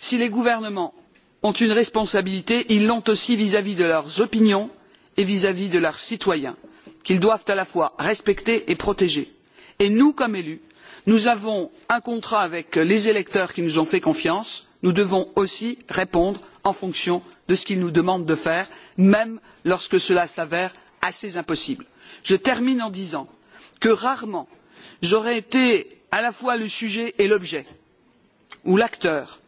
si les gouvernements ont une responsabilité ils l'ont aussi vis à vis de leurs opinions et vis à vis de leurs citoyens qu'ils doivent à la fois respecter et protéger. et nous comme élus nous avons un contrat avec les électeurs qui nous ont fait confiance nous devons aussi répondre en fonction de ce qu'ils nous demandent de faire même lorsque cela s'avère assez impossible. je termine en disant que rarement j'aurais été à la fois le sujet et l'objet ou l'acteur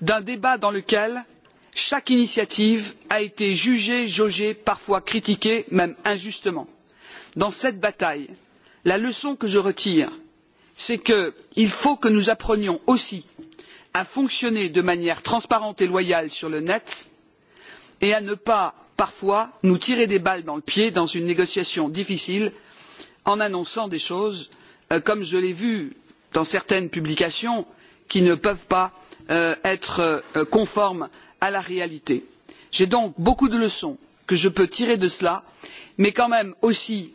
d'un débat dans lequel chaque initiative a été jugée jaugée parfois critiquée même injustement. dans cette bataille la leçon que je retire c'est qu'il faut que nous apprenions aussi à fonctionner de manière transparente et loyale sur le net et à ne pas parfois nous tirer des balles dans le pied dans une négociation difficile en annonçant des choses comme je l'ai vu dans certaines publications qui ne peuvent pas être conforme à la réalité. j'ai donc beaucoup de leçons que je peux tirer de cela mais quand même aussi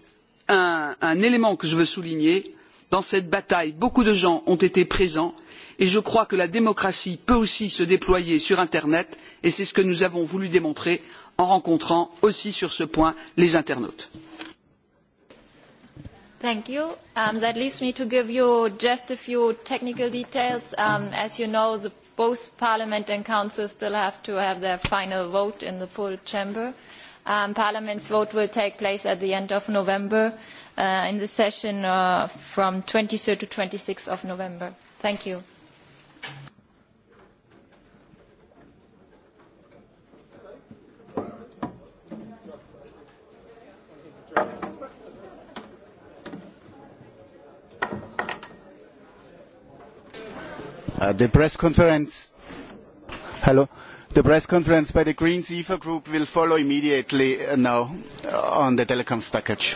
un élément que je veux souligner dans cette bataille beaucoup de gens ont été présents et je crois que la démocratie peut aussi se déployer sur internet et c'est ce que nous avons voulu démontrer en rencontrant aussi sur ce point les internautes. Thank technical both Parliament and Council still have to have their final vote in the full chamber. Parliament's vote will take place at the end of November in the session from 23 to 26 of November. Thank you. The press conference. Hello. The press conference by the Greens EFA Group will follow immediately now on the telecoms package.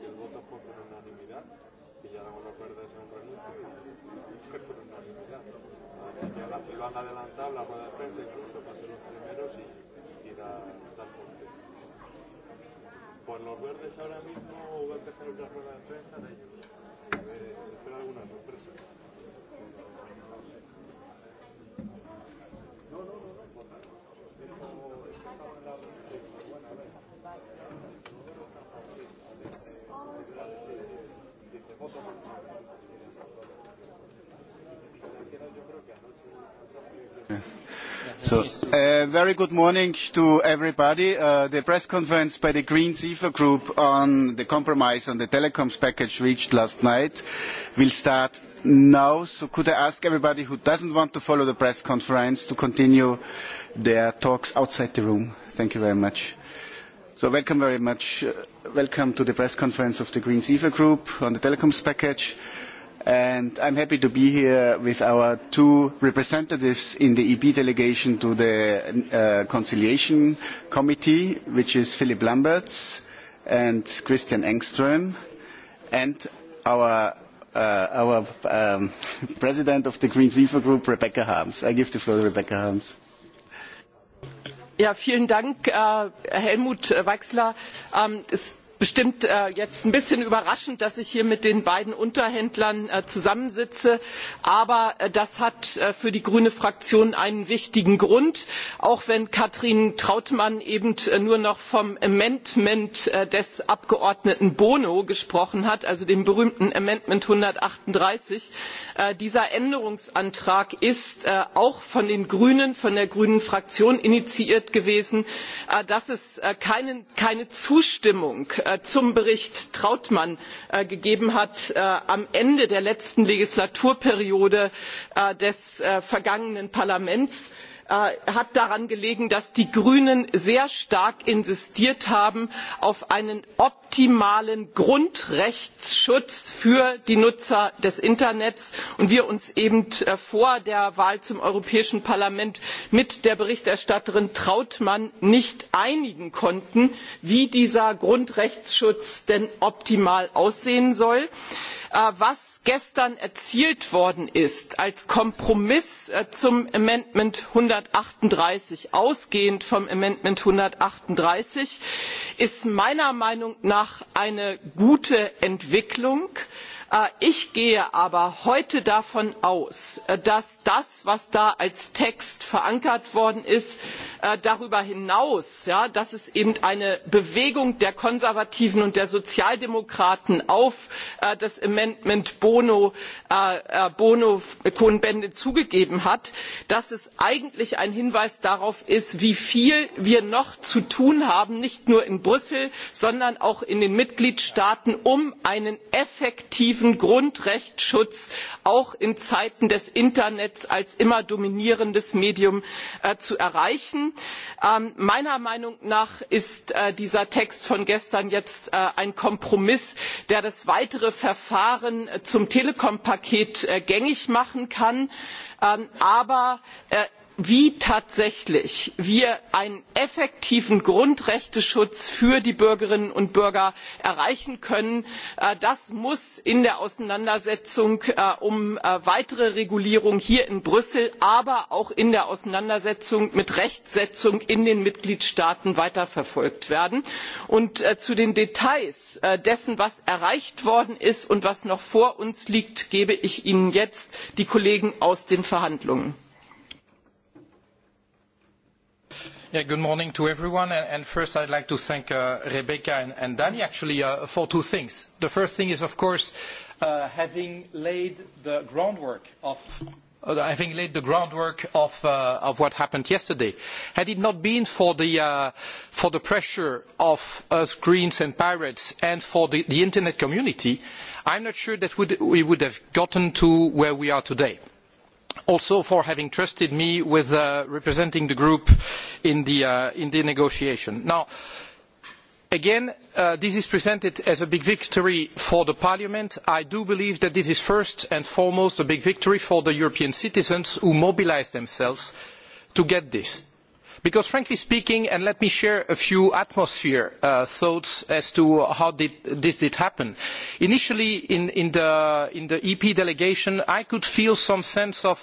Y ya la rueda es un registro y es que por unanimidad. Así que la, lo han adelantado la rueda de prensa incluso para ser los primeros y, y dar da fuerte. Pues los verdes ahora mismo va a empezar otra rueda de prensa de ellos. Eh, se espera alguna sorpresa. No, no, no, no, por nada. la, bueno, a ver. So, very good morning to everybody. The press conference by the Green CIFA Group on the compromise on the telecoms package reached last night will start now. So, could I ask everybody who doesn't want to follow the press conference to continue their talks outside the room? Thank you very much. So welcome very much. Welcome to the press conference of the Green EFA Group on the telecoms package. And I'm happy to be here with our two representatives in the EP delegation to the Conciliation Committee, which is Philip Lamberts and Christian Engström, and our president of the Green EFA Group, Rebecca Harms. I give the floor to Rebecca Harms vielen dank helmut weixler. es bestimmt jetzt ein bisschen überraschend dass ich hier mit den beiden unterhändlern zusammensitze aber das hat für die grüne fraktion einen wichtigen grund auch wenn katrin trautmann eben nur noch vom amendment des abgeordneten bono gesprochen hat also dem berühmten amendment. einhundertachtunddreißig dieser änderungsantrag ist auch von den grünen von der grünen fraktion initiiert gewesen dass es keine zustimmung zum bericht trautmann gegeben hat am ende der letzten legislaturperiode des vergangenen parlaments hat daran gelegen dass die grünen sehr stark insistiert haben auf einen optimalen grundrechtsschutz für die nutzer des internets und wir uns eben vor der wahl zum europäischen parlament mit der berichterstatterin trautmann nicht einigen konnten wie dieser grundrechtsschutz denn optimal aussehen soll was gestern erzielt worden ist als kompromiss zum änderungsantrag einhundertachtunddreißig ausgehend vom änderungsantrag einhundertachtunddreißig ist meiner meinung nach eine gute entwicklung ich gehe aber heute davon aus dass das was da als text verankert worden ist darüber hinaus dass es eben eine bewegung der konservativen und der sozialdemokraten auf das amendment bono cohn bendit zugegeben hat dass es eigentlich ein hinweis darauf ist wie viel wir noch zu tun haben nicht nur in brüssel sondern auch in den mitgliedstaaten um einen effektiven diesen grundrechtsschutz auch in zeiten des internets als immer dominierendes medium zu erreichen. meiner meinung nach ist dieser text von gestern jetzt ein kompromiss der das weitere verfahren zum telekom paket gängig machen kann aber wie tatsächlich wir einen effektiven grundrechteschutz für die bürgerinnen und bürger erreichen können das muss in der auseinandersetzung um weitere regulierung hier in brüssel aber auch in der auseinandersetzung mit rechtsetzung in den mitgliedstaaten weiterverfolgt werden. zu den details dessen was erreicht worden ist und was noch vor uns liegt gebe ich ihnen jetzt die kollegen aus den verhandlungen. Good morning to everyone. And first, I'd like to thank Rebecca and Danny actually for two things. The first thing is, of course, having laid the groundwork of having laid the groundwork of what happened yesterday. Had it not been for the pressure of us Greens and Pirates and for the Internet community, I'm not sure that we would have gotten to where we are today also for having trusted me with representing the group in the negotiation. Now, again, this is presented as a big victory for Parliament. I do believe that this is first and foremost a big victory for the European citizens who mobilised themselves to get this. Because frankly speaking, and let me share a few atmosphere thoughts as to how this did happen. Initially in the EP delegation, I could feel some sense of,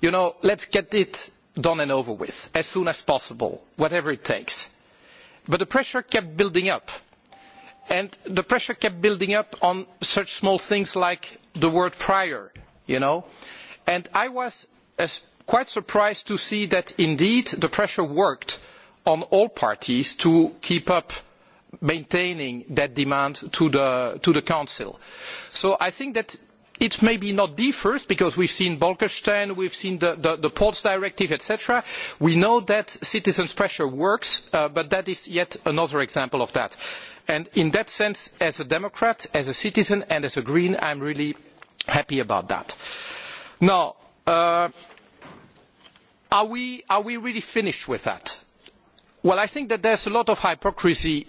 you know, let's get it done and over with as soon as possible, whatever it takes. But the pressure kept building up. And the pressure kept building up on such small things like the word prior, you know. And I was, as quite surprised to see that indeed the pressure worked on all parties to keep up maintaining that demand to the Council. So I think that it may be not the first because we've seen Bolkestein, we've seen the Ports Directive, etc. We know that citizens' pressure works, but that is yet another example of that. And in that sense, as a Democrat, as a citizen and as a Green, I'm really happy about that. Now Are we really finished with that? Well, I think that there's a lot of hypocrisy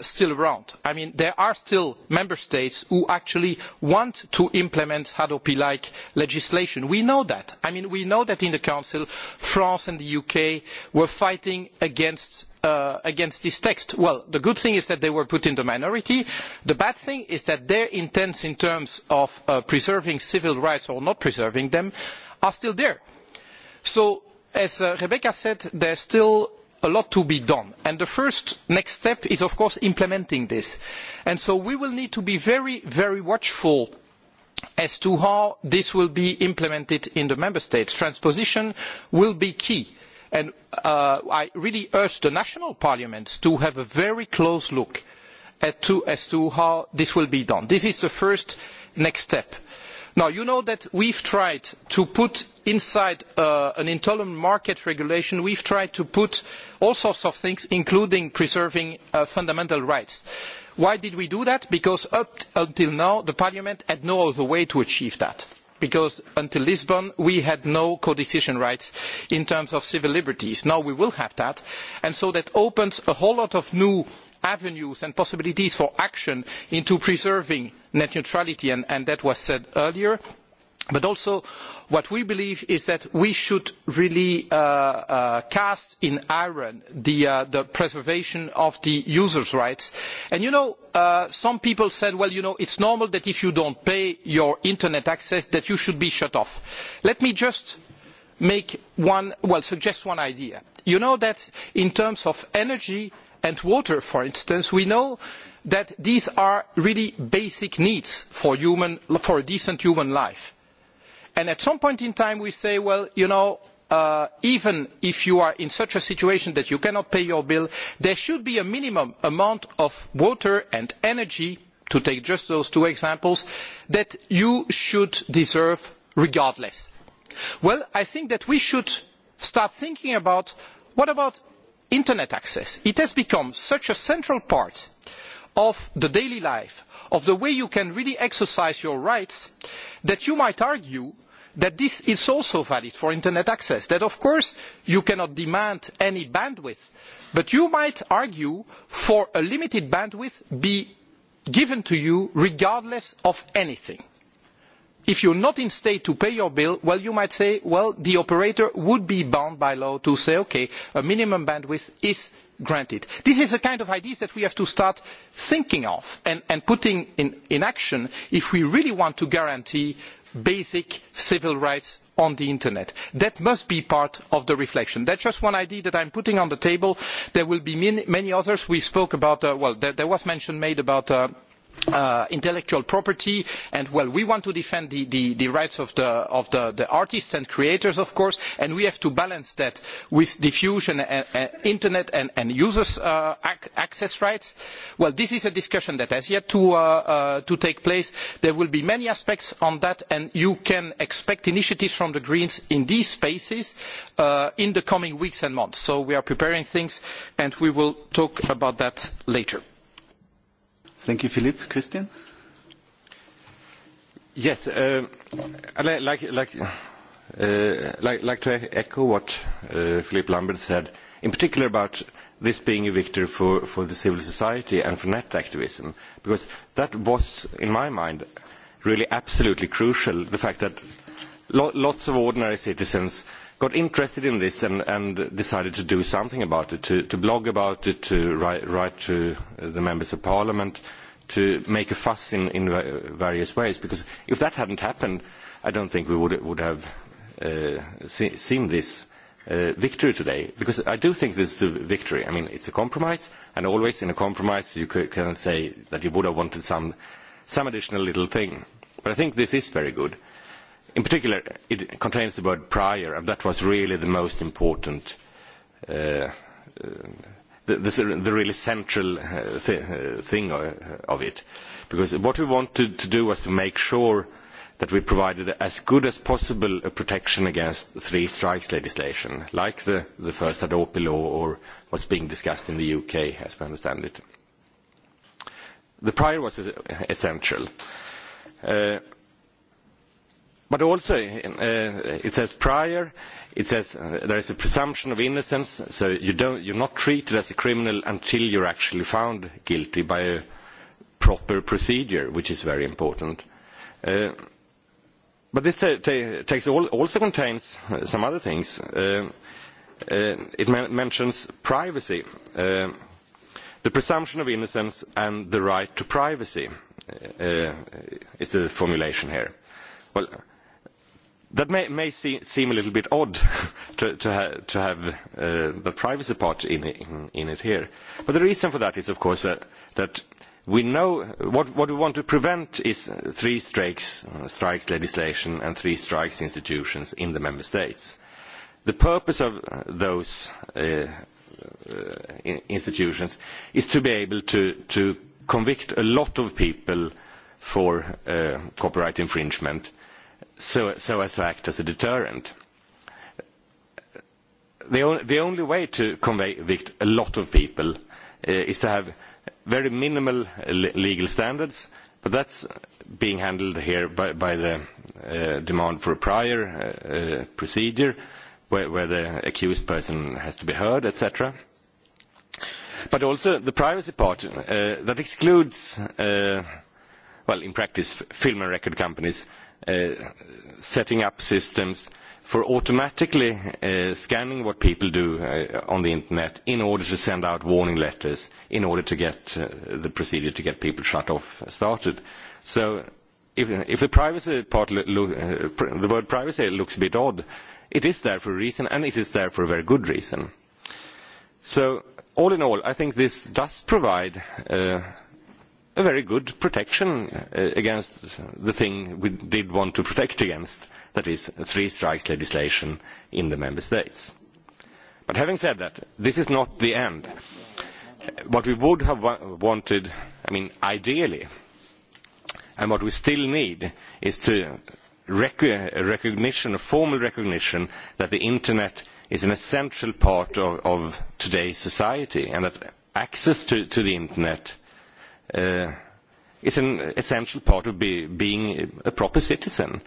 still around. I mean, there are still member states who actually want to implement Hadopi-like legislation. We know that. I mean, we know that in the Council, France and the UK were fighting against this text. Well, the good thing is that they were put in the minority. The bad thing is that their intents in terms of preserving civil rights or not preserving them are still there. So as rebecca said there is still a lot to be done and the first next step is of course implementing this and so we will need to be very very watchful as to how this will be implemented in the member states. transposition will be key and i really urge the national parliaments to have a very close look as to how this will be done. this is the first next step. Now, you know that we have tried to put inside an internal market regulation, we have tried to put all sorts of things, including preserving fundamental rights. Why did we do that? Because up until now, the Parliament had no other way to achieve that. Because until Lisbon, we had no codecision rights in terms of civil liberties. Now we will have that. And so that opens a whole lot of new avenues and possibilities for action into preserving net neutrality and that was said earlier but also what we believe is that we should really cast in iron the preservation of the users' rights. And you know, some people said, well, you know, it's normal that if you don't pay your internet access that you should be shut off. Let me just make one, well, suggest one idea. You know that in terms of energy and water, for instance, we know that these are really basic needs for a decent human life. And at some point in time we say, well, you know, even if you are in such a situation that you cannot pay your bill, there should be a minimum amount of water and energy, to take just those two examples, that you should deserve regardless. Well, I think that we should start thinking about what about internet access. It has become such a central part of the daily life, of the way you can really exercise your rights, that you might argue that this is also valid for internet access. That, of course, you cannot demand any bandwidth, but you might argue for a limited bandwidth be given to you regardless of anything if you are not in state to pay your bill well you might say well the operator would be bound by law to say okay, a minimum bandwidth is granted. this is the kind of ideas that we have to start thinking of and putting in action if we really want to guarantee basic civil rights on the internet. that must be part of the reflection. that is just one idea that i am putting on the table. there will be many others. we spoke about well there was mention made about intellectual property and well we want to defend the rights of the artists and creators of course and we have to balance that with diffusion internet and users access rights well this is a discussion that has yet to take place there will be many aspects on that and you can expect initiatives from the greens in these spaces in the coming weeks and months so we are preparing things and we will talk about that later Thank you, Philippe. Christian? Yes. I'd like to echo what Philippe Lambert said, in particular about this being a victory for the civil society and for net activism, because that was, in my mind, really absolutely crucial, the fact that lots of ordinary citizens got interested in this and decided to do something about it, to blog about it, to write to the members of parliament, to make a fuss in various ways. Because if that hadn't happened, I don't think we would have seen this victory today. Because I do think this is a victory. I mean, it's a compromise, and always in a compromise you can say that you would have wanted some additional little thing. But I think this is very good in particular it contains the word prior and that was really the most important the the really central thing of it because what we wanted to do was to make sure that we provided as good as possible a protection against three strikes legislation like the first Adopi law or what's being discussed in the UK as we understand it. The prior was essential. But also it says prior, it says there is a presumption of innocence, so you don't you're not treated as a criminal until you're actually found guilty by a proper procedure, which is very important. But this text also contains some other things. It mentions privacy, the presumption of innocence and the right to privacy is the formulation here. Well That may seem a little bit odd to have the privacy part in it here. But the reason for that is, of course, that we know what we want to prevent is three strikes legislation and three strikes institutions in the member states. The purpose of those institutions is to be able to convict a lot of people for copyright infringement so as to act as a deterrent. The only way to convict a lot of people is to have very minimal legal standards, but that's being handled here by the demand for a prior procedure where the accused person has to be heard, etc. But also the privacy part that excludes, well, in practice, film and record companies setting up systems for automatically scanning what people do on the internet in order to send out warning letters, in order to get the procedure to get people shut off started. So if the privacy the word privacy looks a bit odd, it is there for a reason and it is there for a very good reason. So all in all, I think this does provide a very good protection against the thing we did want to protect against, that is three strikes legislation in the member states. But having said that, this is not the end. What we would have wanted, I mean, ideally, and what we still need is to recognition, a formal recognition that the internet is an essential part of today's society and that access to the internet is an essential part of being a proper citizen.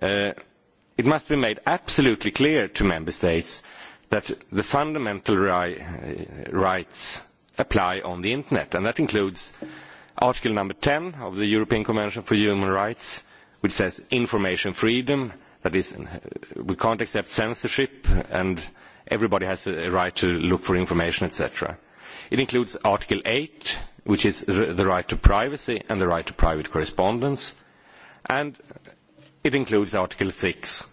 It must be made absolutely clear to Member States that the fundamental rights apply on the Internet, and that includes Article number 10 of the European Convention for Human Rights, which says information freedom, that is, we can't accept censorship, and everybody has a right to look for information, etc. It includes Article 8 which is the right to privacy and the right to private correspondence. And it includes Article 6,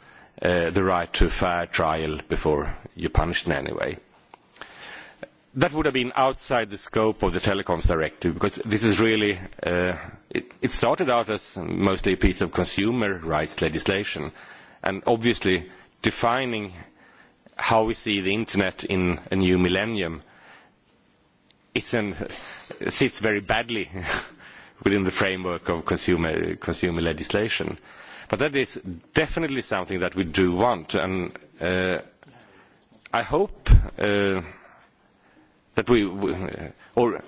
the right to fair trial before you're punished in any way. That would have been outside the scope of the Telecoms Directive because this is really, it started out as mostly a piece of consumer rights legislation. And obviously defining how we see the Internet in a new millennium it sits very badly within the framework of consumer legislation. But that is definitely something that we do want, and I hope that we, or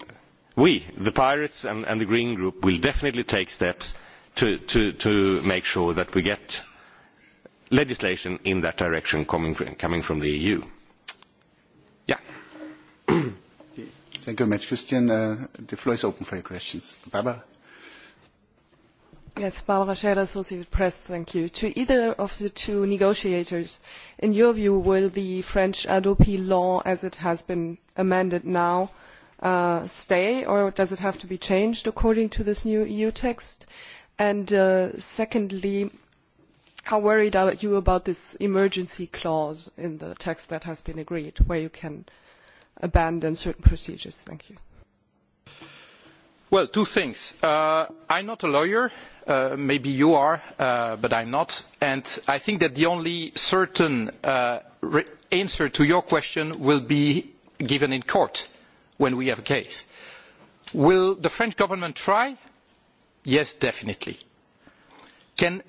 we, the Pirates and the Green Group, will definitely take steps to make sure that we get legislation in that direction coming from the EU. Yeah. Thank you very much, Christian. The floor is open for your questions. Barbara? Yes, Barbara Scherer, Associated Press. Thank you. To either of the two negotiators, in your view, will the French Adopi law, as it has been amended now, stay, or does it have to be changed according to this new EU text? And secondly, how worried are you about this emergency clause in the text that has been agreed, where you can abandon certain procedures? Thank you. Well, two things. I'm not a lawyer. Maybe you are, but I'm not. And I think that the only certain answer to your question will be given in court when we have a case. Will the French government try? Yes, definitely. Can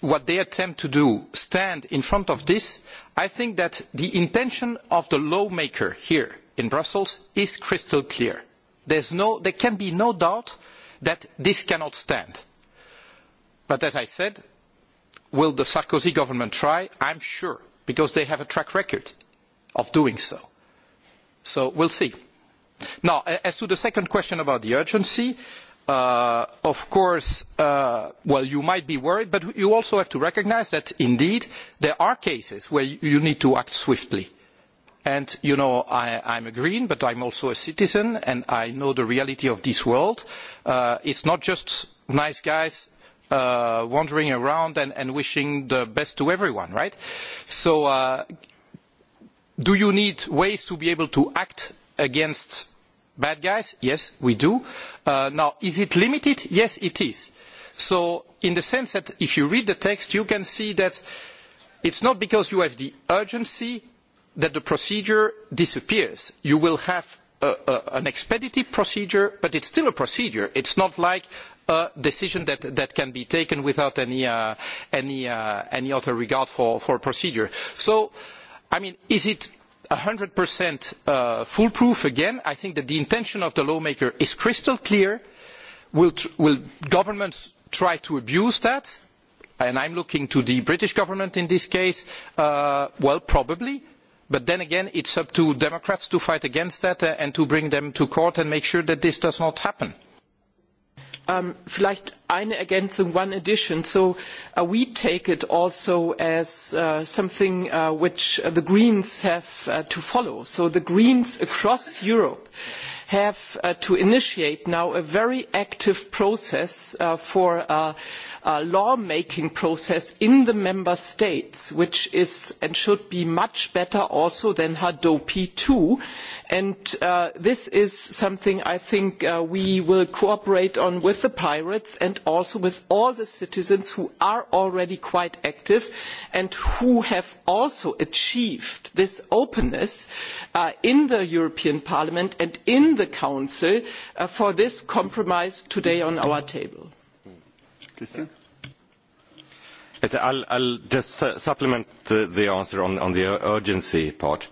what they attempt to do stand in front of this, I think that the intention of the lawmaker here in Brussels is crystal clear. There can be no doubt that this cannot stand. But as I said, will the Sarkozy government try? I'm sure, because they have a track record of doing so. So we'll see. Now, as to the second question about the urgency, of course well you might be worried but you also have to recognise that indeed there are cases where you need to act swiftly and you know i'm a green but i'm also a citizen and i know the reality of this world it's not just nice guys wandering around and wishing the best to everyone right so do you need ways to be able to act against Bad guys? Yes, we do. Now, is it limited? Yes, it is. So, in the sense that if you read the text, you can see that it's not because you have the urgency that the procedure disappears. You will have an expeditive procedure, but it's still a procedure. It's not like a decision that can be taken without any other regard for procedure. So, I mean, is it 100 foolproof again. I think that the intention of the lawmaker is crystal clear. Will governments try to abuse that? And am looking to the British government in this case. Well, probably. But then again, it is up to Democrats to fight against that and to bring them to court and make sure that this does not happen. Vielleicht eine Ergänzung, one addition. So we take it also as something which the Greens have to follow. So the Greens across Europe have to initiate now a very active process for a law making process in the member states, which is and should be much better also than Hadopi 2 And this is something I think we will cooperate on with the pirates and also with all the citizens who are already quite active and who have also achieved this openness in the European Parliament and in the Council for this compromise today on our table. Christian? I'll just supplement the answer on the urgency part.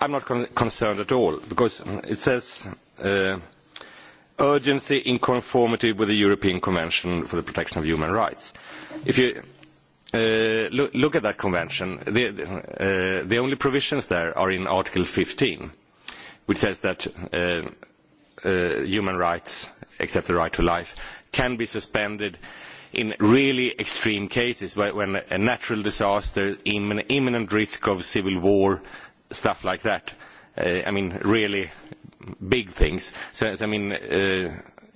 I'm not concerned at all because it says urgency in conformity with the European Convention for the Protection of Human Rights. If you look at that convention, the only provisions there are in Article 15 which says that human rights, except the right to life, can be suspended in really extreme cases, when a natural disaster, imminent risk of civil war, stuff like that. I mean, really big things. So, I mean,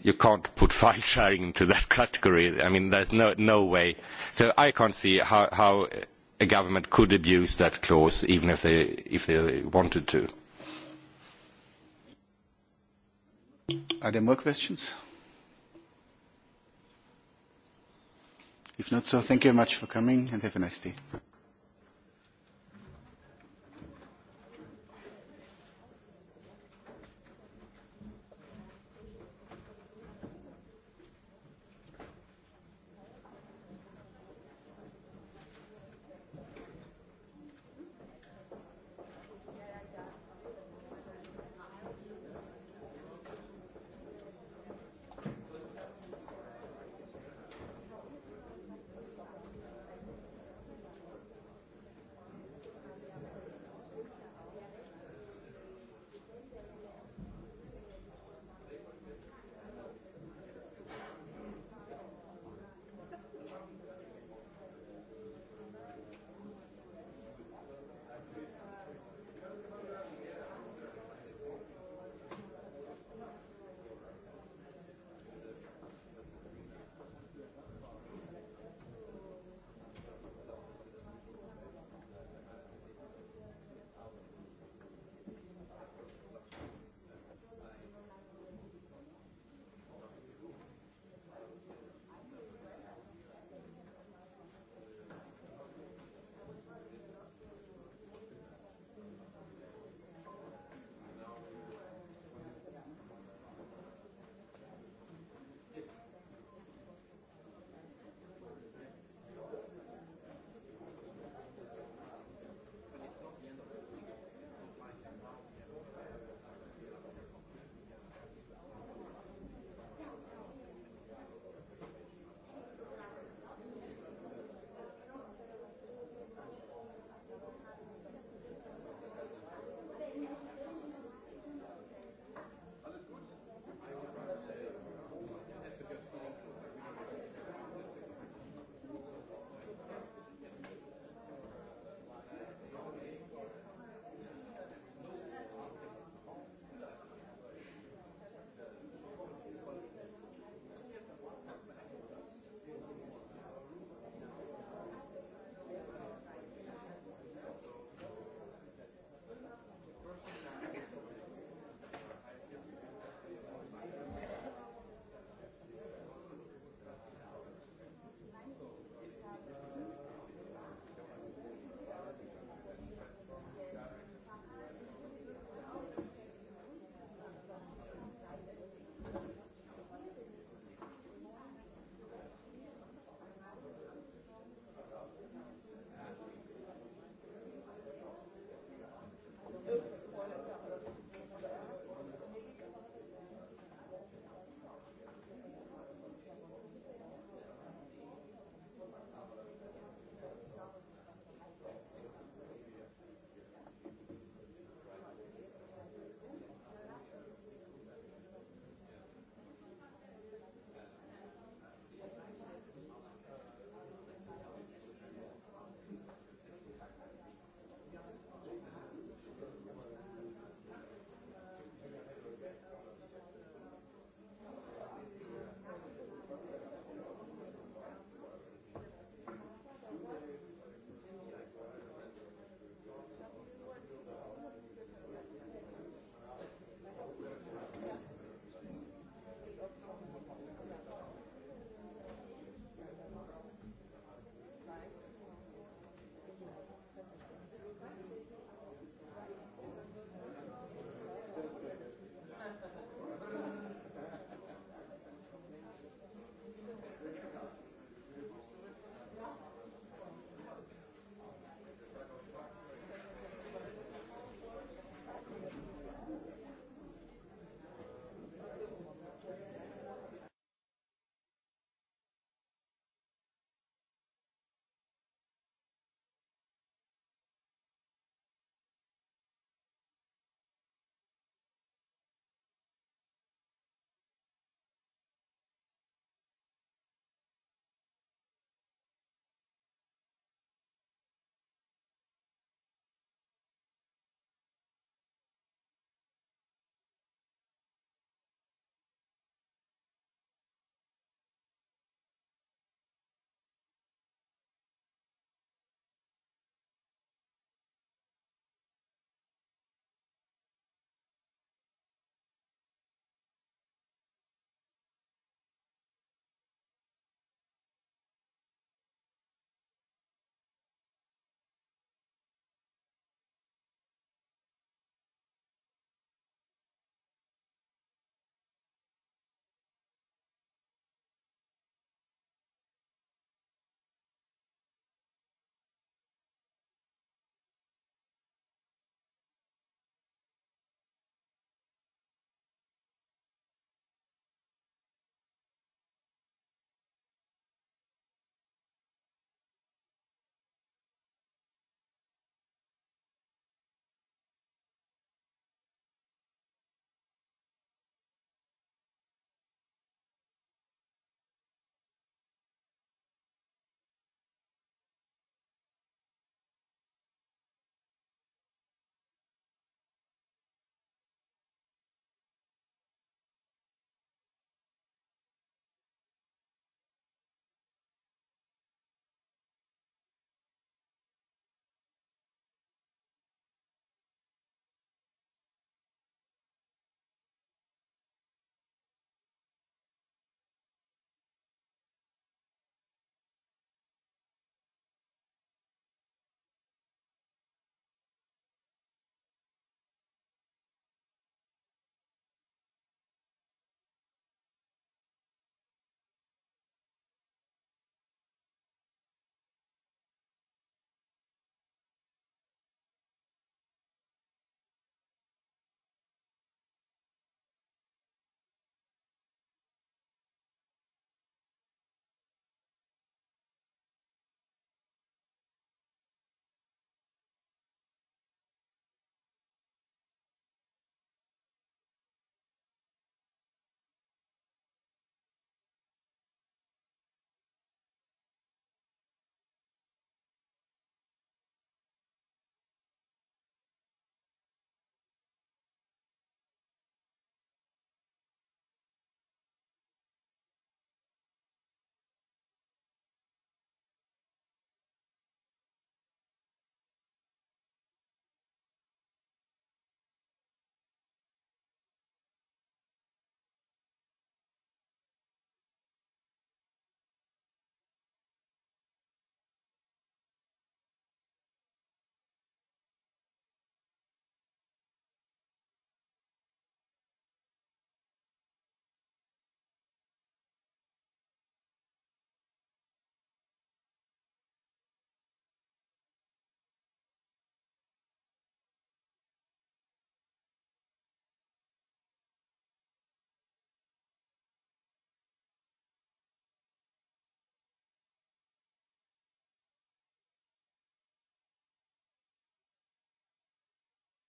you can't put file sharing into that category. I mean, there's no way. So I can't see how a government could abuse that clause, even if they wanted to. Are there more questions? If not so, thank you very much for coming and have a nice day.